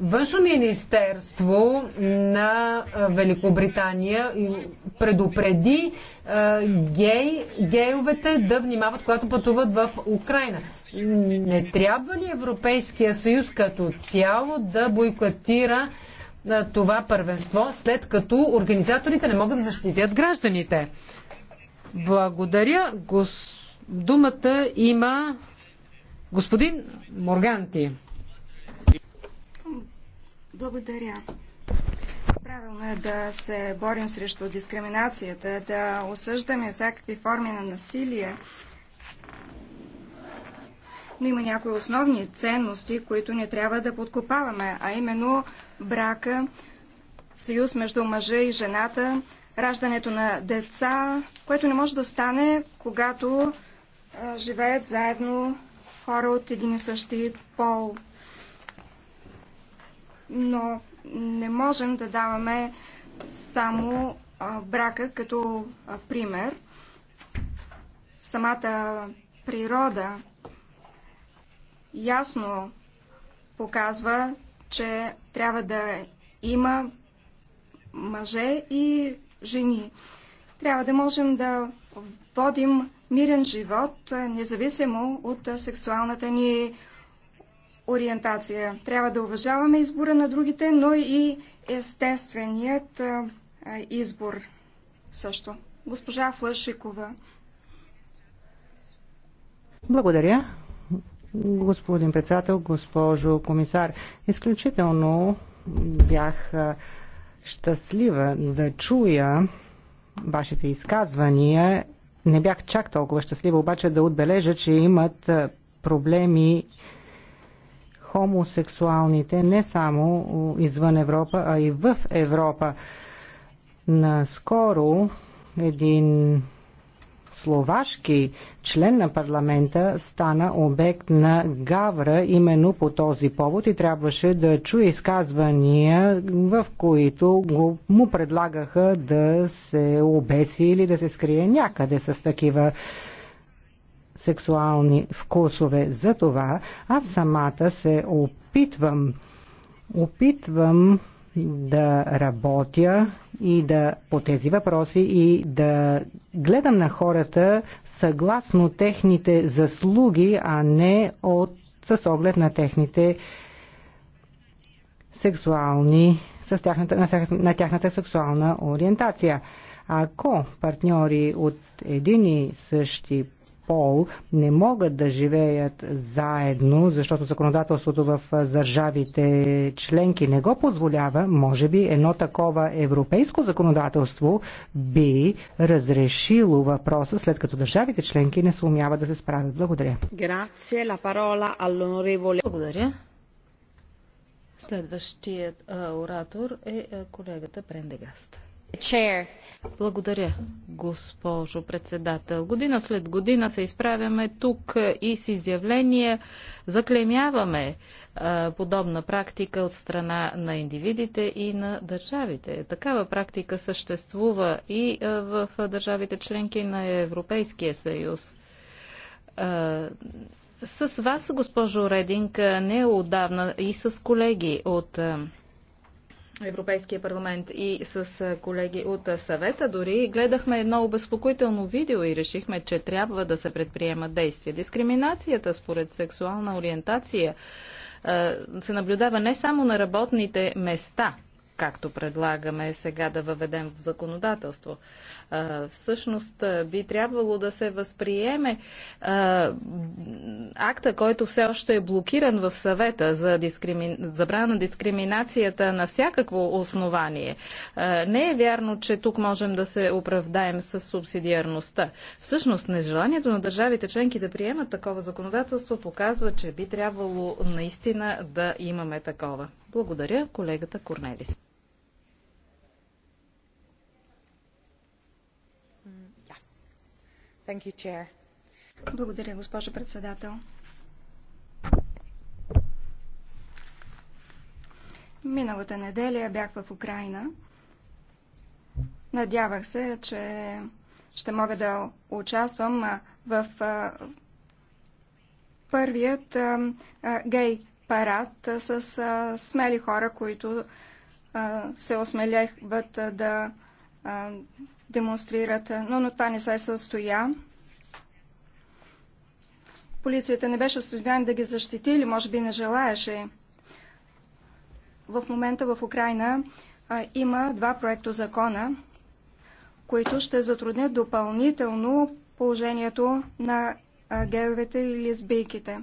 Външно министерство на Великобритания предупреди гей, гейовете да внимават, когато пътуват в Украина. Не трябва ли Европейския съюз като цяло да бойкотира това първенство, след като организаторите не могат да защитят гражданите? Благодаря. Гос... Думата има господин Морганти. Благодаря. Правилно е да се борим срещу дискриминацията, да осъждаме всякакви форми на насилие, но има някои основни ценности, които не трябва да подкопаваме, а именно брака, съюз между мъжа и жената, раждането на деца, което не може да стане, когато живеят заедно хора от един и същи пол но не можем да даваме само брака като пример. Самата природа ясно показва, че трябва да има мъже и жени. Трябва да можем да водим мирен живот, независимо от сексуалната ни ориентация. Трябва да уважаваме избора на другите, но и естественият избор също. Госпожа Флашикова. Благодаря. Господин председател, госпожо комисар, изключително бях щастлива да чуя вашите изказвания. Не бях чак толкова щастлива, обаче да отбележа, че имат проблеми хомосексуалните не само извън Европа, а и в Европа. Наскоро един словашки член на парламента стана обект на гавра именно по този повод и трябваше да чуе изказвания, в които му предлагаха да се обеси или да се скрие някъде с такива сексуални вкусове. Затова аз самата се опитвам, опитвам да работя и да по тези въпроси и да гледам на хората съгласно техните заслуги, а не от, с оглед на техните сексуални, с тяхната, на, на тяхната сексуална ориентация. Ако партньори от един и същи пол не могат да живеят заедно, защото законодателството в държавите членки не го позволява, може би едно такова европейско законодателство би разрешило въпроса, след като държавите членки не сумяват да се справят. Благодаря. Благодаря. Следващият оратор е колегата Прендегаст. Благодаря, госпожо председател. Година след година се изправяме тук и с изявления заклемяваме подобна практика от страна на индивидите и на държавите. Такава практика съществува и в държавите членки на Европейския съюз. С вас, госпожо Рединг, не отдавна и с колеги от Европейския парламент и с колеги от съвета. Дори гледахме едно обезпокоително видео и решихме, че трябва да се предприемат действия. Дискриминацията според сексуална ориентация се наблюдава не само на работните места, както предлагаме сега да въведем в законодателство. Всъщност би трябвало да се възприеме акта, който все още е блокиран в съвета за дискрими... забрана на дискриминацията на всякакво основание. Не е вярно, че тук можем да се оправдаем с субсидиарността. Всъщност, нежеланието на държавите членки да приемат такова законодателство показва, че би трябвало наистина да имаме такова. Благодаря, колегата Корнелис. Благодаря, госпожо председател. Миналата неделя бях в Украина. Надявах се, че ще мога да участвам в първият гей парад с смели хора, които се осмеляват да демонстрират, но, но това не се състоя. Полицията не беше състояние да ги защити или може би не желаеше. В момента в Украина а, има два проекта закона, които ще затруднят допълнително положението на геовете и лесбийките.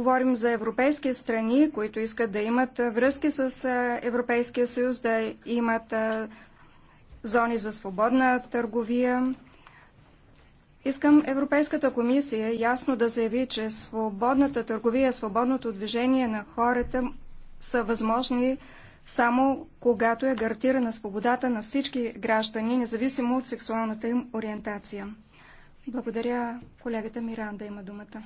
Говорим за европейски страни, които искат да имат връзки с Европейския съюз, да имат зони за свободна търговия. Искам Европейската комисия ясно да заяви, че свободната търговия, свободното движение на хората са възможни само когато е гарантирана свободата на всички граждани, независимо от сексуалната им ориентация. Благодаря. Колегата Миранда има думата.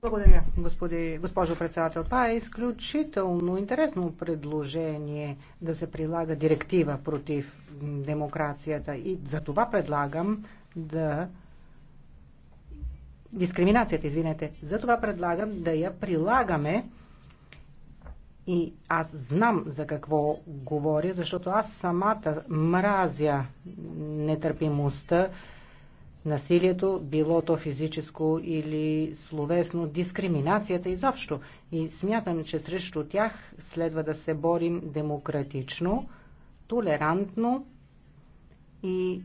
Благодаря, господи, госпожо председател. Това е изключително интересно предложение да се прилага директива против демокрацията и за това предлагам да дискриминацията, извинете, за това предлагам да я прилагаме и аз знам за какво говоря, защото аз самата мразя нетърпимостта насилието, било то физическо или словесно, дискриминацията изобщо. И смятам, че срещу тях следва да се борим демократично, толерантно и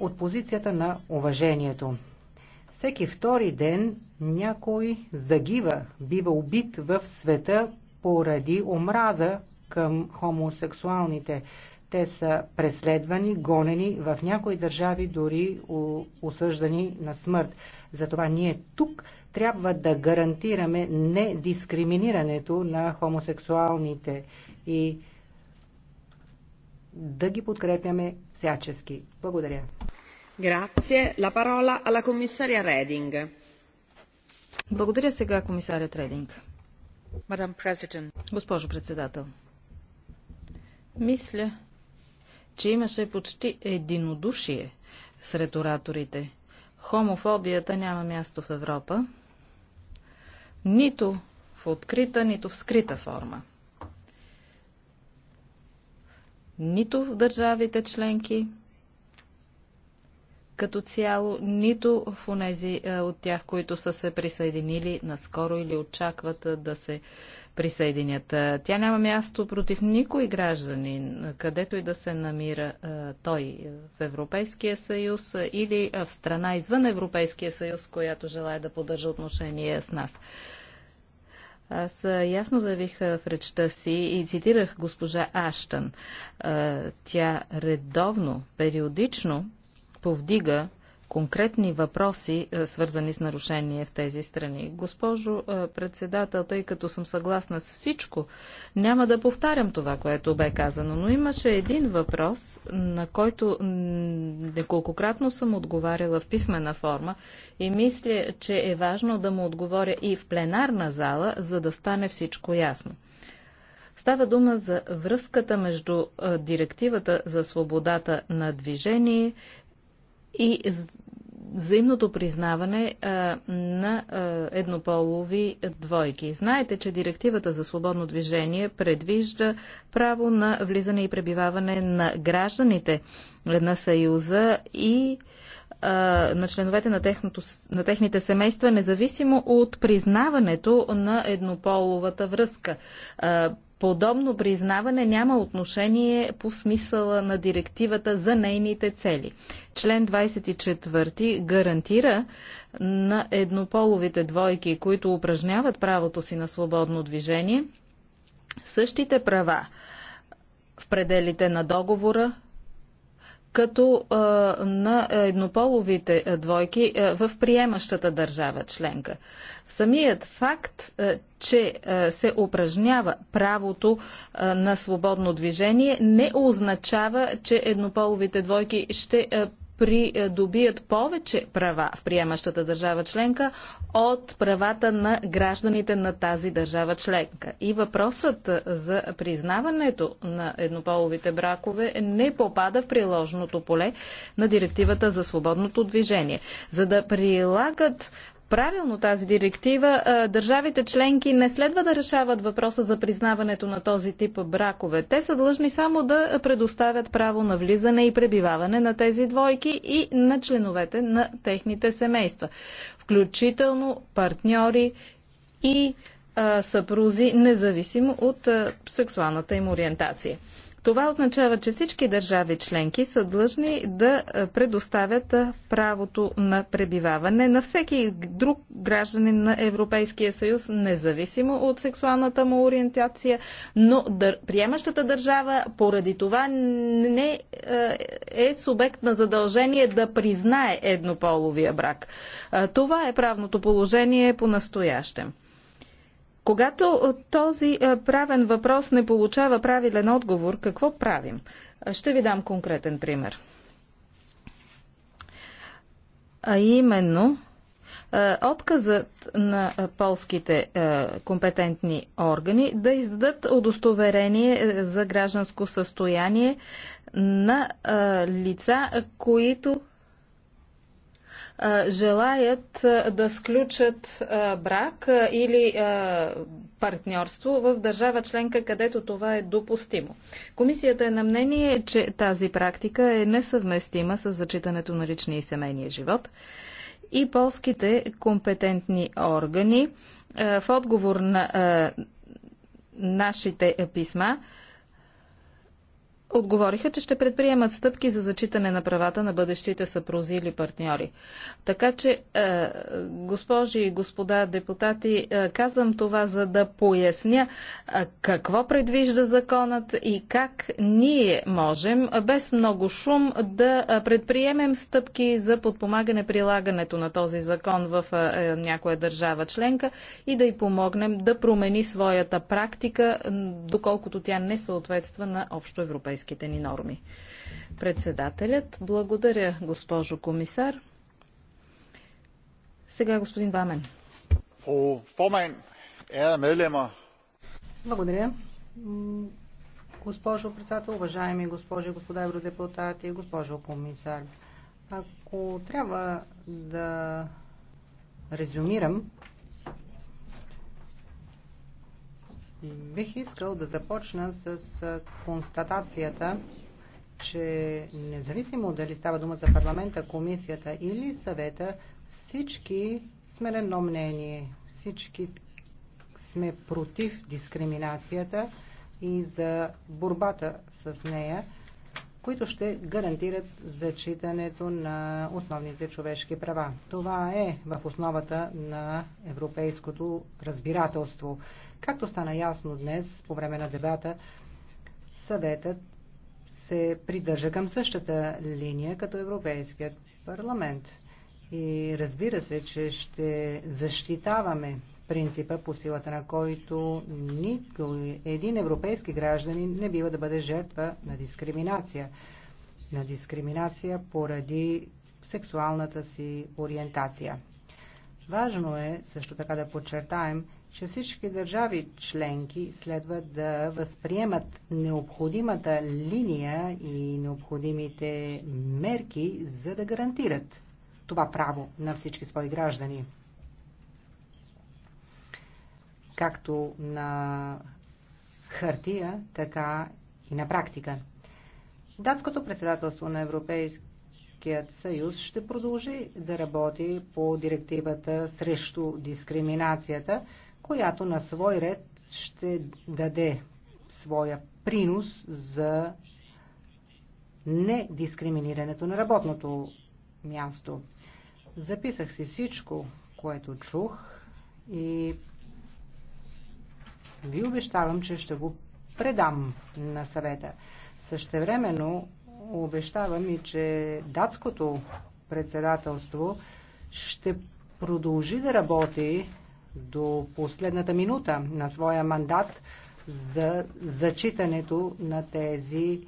от позицията на уважението. Всеки втори ден някой загива, бива убит в света поради омраза към хомосексуалните. Те са преследвани, гонени, в някои държави дори осъждани на смърт. Затова ние тук трябва да гарантираме недискриминирането на хомосексуалните и да ги подкрепяме всячески. Благодаря. Грация. La parola alla commissaria Reding. Благодаря сега комисарят Рединг. Госпожо председател, мисля, че имаше почти единодушие сред ораторите. Хомофобията няма място в Европа, нито в открита, нито в скрита форма. Нито в държавите членки, като цяло, нито в онези е, от тях, които са се присъединили наскоро или очакват е, да се присъединят. Е, тя няма място против никой гражданин, където и да се намира той в Европейския съюз или в страна извън Европейския съюз, която желая да поддържа отношение с нас. Аз ясно заявих в речта си и цитирах госпожа Аштън. Тя редовно, периодично повдига конкретни въпроси, е, свързани с нарушение в тези страни. Госпожо е, председател, тъй като съм съгласна с всичко, няма да повтарям това, което бе казано, но имаше един въпрос, на който неколкократно съм отговаряла в писмена форма и мисля, че е важно да му отговоря и в пленарна зала, за да стане всичко ясно. Става дума за връзката между е, директивата за свободата на движение и взаимното признаване а, на а, еднополови двойки. Знаете, че директивата за свободно движение предвижда право на влизане и пребиваване на гражданите на Съюза и на членовете на, техното, на техните семейства, независимо от признаването на еднополовата връзка подобно признаване няма отношение по смисъла на директивата за нейните цели. Член 24 гарантира на еднополовите двойки, които упражняват правото си на свободно движение, същите права в пределите на договора, като а, на еднополовите двойки а, в приемащата държава членка. Самият факт, а, че а, се упражнява правото а, на свободно движение, не означава, че еднополовите двойки ще а, придобият повече права в приемащата държава членка от правата на гражданите на тази държава членка. И въпросът за признаването на еднополовите бракове не попада в приложното поле на директивата за свободното движение. За да прилагат правилно тази директива, държавите членки не следва да решават въпроса за признаването на този тип бракове. Те са длъжни само да предоставят право на влизане и пребиваване на тези двойки и на членовете на техните семейства, включително партньори и съпрузи, независимо от сексуалната им ориентация. Това означава, че всички държави членки са длъжни да е, предоставят е, правото на пребиваване на всеки друг гражданин на Европейския съюз, независимо от сексуалната му ориентация, но дър... приемащата държава поради това не е, е субект на задължение да признае еднополовия брак. Това е правното положение по настоящем. Когато този правен въпрос не получава правилен отговор, какво правим? Ще ви дам конкретен пример. А именно, отказът на полските компетентни органи да издадат удостоверение е, за гражданско състояние на лица, които желаят да сключат брак или партньорство в държава членка, където това е допустимо. Комисията е на мнение, че тази практика е несъвместима с зачитането на личния и семейния живот и полските компетентни органи в отговор на нашите писма отговориха, че ще предприемат стъпки за зачитане на правата на бъдещите съпрузи или партньори. Така че, е, госпожи и господа депутати, е, казвам това за да поясня е, какво предвижда законът и как ние можем без много шум да предприемем стъпки за подпомагане прилагането на този закон в някоя държава членка и да й помогнем да промени своята практика, доколкото тя не съответства на общо европейско европейските ни норми. Председателят, благодаря, госпожо комисар. Сега господин Вамен. Е, благодаря. Госпожо председател, уважаеми госпожи и господа евродепутати, госпожо комисар, ако трябва да резюмирам Бих искал да започна с констатацията, че независимо дали става дума за парламента, комисията или съвета, всички сме на едно мнение. Всички сме против дискриминацията и за борбата с нея, които ще гарантират зачитането на основните човешки права. Това е в основата на европейското разбирателство. Както стана ясно днес по време на дебата, съветът се придържа към същата линия като Европейският парламент. И разбира се, че ще защитаваме принципа, по силата на който никой един европейски гражданин не бива да бъде жертва на дискриминация. На дискриминация поради сексуалната си ориентация. Важно е също така да подчертаем, че всички държави членки следва да възприемат необходимата линия и необходимите мерки, за да гарантират това право на всички свои граждани. Както на хартия, така и на практика. Датското председателство на Европейския съюз ще продължи да работи по директивата срещу дискриминацията, която на свой ред ще даде своя принос за недискриминирането на работното място. Записах си всичко, което чух и ви обещавам, че ще го предам на съвета. Същевременно обещавам и, че датското председателство ще продължи да работи до последната минута на своя мандат за зачитането на тези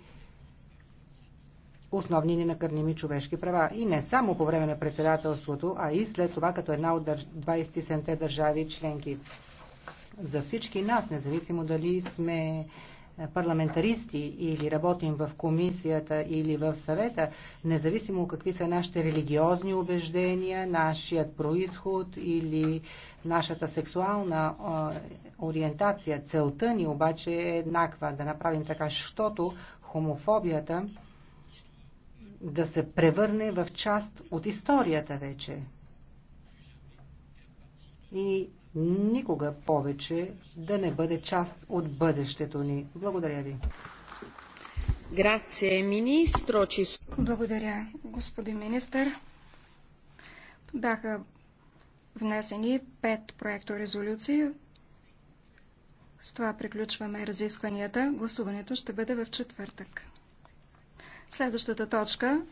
основни ненакърними човешки права. И не само по време на председателството, а и след това като една от 27-те държави членки. За всички нас, независимо дали сме е, парламентаристи или работим в комисията или в съвета, независимо какви са нашите религиозни убеждения, нашият происход или нашата сексуална ориентация. Целта ни обаче е еднаква да направим така, защото хомофобията да се превърне в част от историята вече. И никога повече да не бъде част от бъдещето ни. Благодаря ви. Грация, Благодаря, господин министър. Бяха внесени пет проекто резолюции. С това приключваме разискванията. Гласуването ще бъде в четвъртък. Следващата точка